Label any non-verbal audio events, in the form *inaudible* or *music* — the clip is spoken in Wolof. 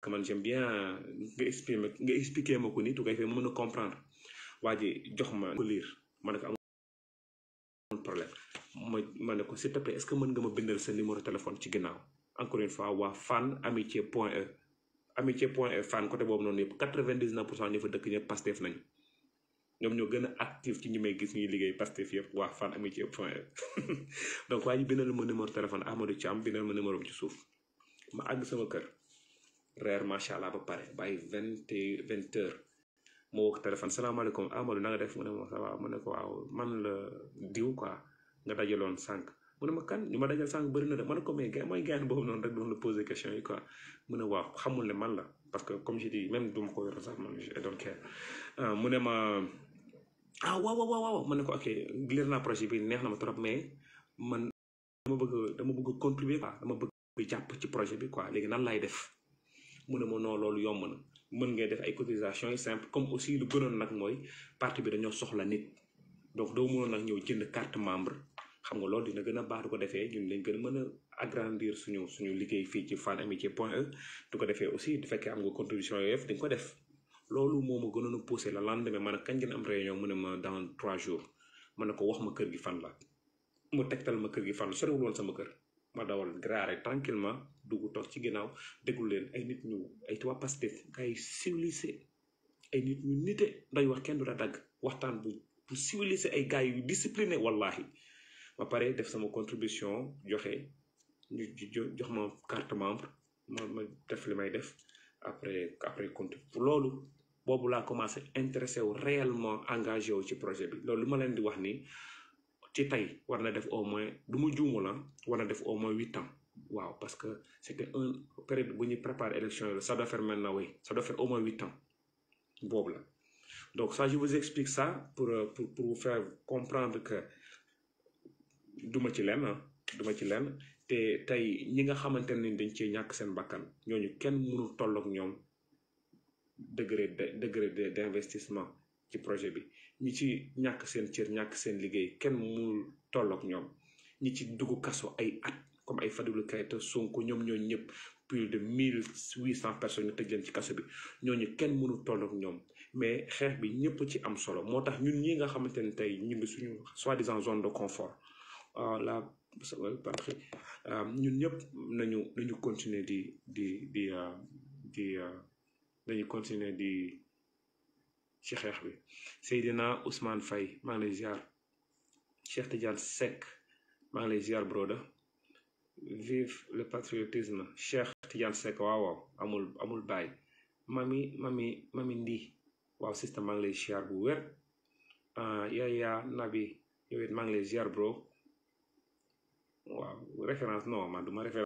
quand man j'aime bien euh, nga expliqué nga expliqué ma ko nii tu koy fee mën a comprendre waa ji jox ma ko ma ne ko amul problème ma ce que mën nga ma bindal sa numéro téléphone ci ginnaaw encore une fois waa fan amitié point e amitié point e fan côté boobu noonu yëpp quatre-vingt-dix-neuf pour cent ñu fa dëkk ñëpp Pastef nañu ñoom ñoo gën a actif ci ñi may gis ñuy liggéey Pastef yëpp waa fan amitié point e *laughs* donc waa ji bindal ma numéro téléphone Amadou Thiam bindal ma numéro bi ci suuf ma àgg sama kër reer macha allah ba pare bàyyi vingt et vingt heures moo téléphone salaamaaleykum Amadou na nga def mu ne ma ça va ne ko waaw man la diw quoi nga dajaloon sànq mu ma kan ñu ma dajal sànq bëri na de ma ne ko mais mooy gaan noonu rek doon la poser question yi quoi mu ne waaw xamul ne man la parce que comme je dis même du ma ko yor sax man je euh, mu ne ma ah ne ko ok leer naa projet bi neex na ma trop mais man dama bëgg dama bëgg contribuer quoi dama bëgg jàpp ci projet bi quoi léegi nan laay def. mun ne ma non loolu yomb na mën ngay def ay cotisations yi simple comme aussi lu gënoon nag mooy parti bi dañoo soxla nit donc doo mënoon nag ñëw jënd carte membre xam nga loolu dina gën a baax du ko defee ñun dañ gën a mën a agrandir suñu suñu liggéey fii ci Fann Amitié point E du ko defee aussi du fekkee am nga contribution yooyu yëpp dañ ko def loolu moo ma gënoon a poussé la lendemain man kañ ngeen am réunion mu ne ma dans trois jours ma ne ko wax ma kër gi fan la mu tegtal ma kër gi fan la soriwul woon sama kër. ma dawal graare tranquillement dugg toog ci ginnaaw déglu leen ay nit ñu ay tubaab Pastef ay civilisé ay nit ñu nite nday wax kenn du la dagg waxtaan bu bu civilisé ay gars yu discipliné wallahi ba pare def sama contribution joxe ñu jox ma carte membre ma ma def li may def après après compte loolu boobu laa commencé intéressé wu réellement engagé wu ci projet bi loolu ma leen di wax nii ci tey war na def au moins du ma juumu la ah, war na def au moins huit ans waaw parce que c'était un période bu ñuy préparer élection yi la ça doit faire maintenant oui ça doit faire au moins huit ans boobu la donc ça je vous explique ça pour euh, pour pour vous faire comprendre que duma ci lenn ah, duma ci lenn te tey ñi nga xamante ne dañ ci ñàkk seen bakkan ñooñu kenn mënul tollook ñoom degré de degré d'investissement ci projet bi ñi ci ñàkk seen cër ñàkk seen liggéey kenn mënul tollook ñoom ñi ci dugg kaso ay at comme ay Fadilou Keita Sonko ñoom ñooñu ñëpp plus de mille huit cent personnes ñu tëj ci kaso bi ñooñu kenn mënul tollook ñoom mais xeex bi ñëpp ci am solo moo tax ñun ñi nga xamante ne tey ñu ngi suñu soi-disant zone de confort ah, la parti ah, ñun ñëpp nañu nañu continuer di di di ah, di nañu continuer di ci xeex bi Seydina Ousmane Faye maa ngi lay ziar Cheikh Tidiane Seck maa ngi lay ziar broda vive le patriotisme Cheikh Tidiane Seck waaw waaw amul baay mami mami mami ndi waaw système maa ngi lay ziar ah, Yaya Nabi yow it maa ngi référence non man du ma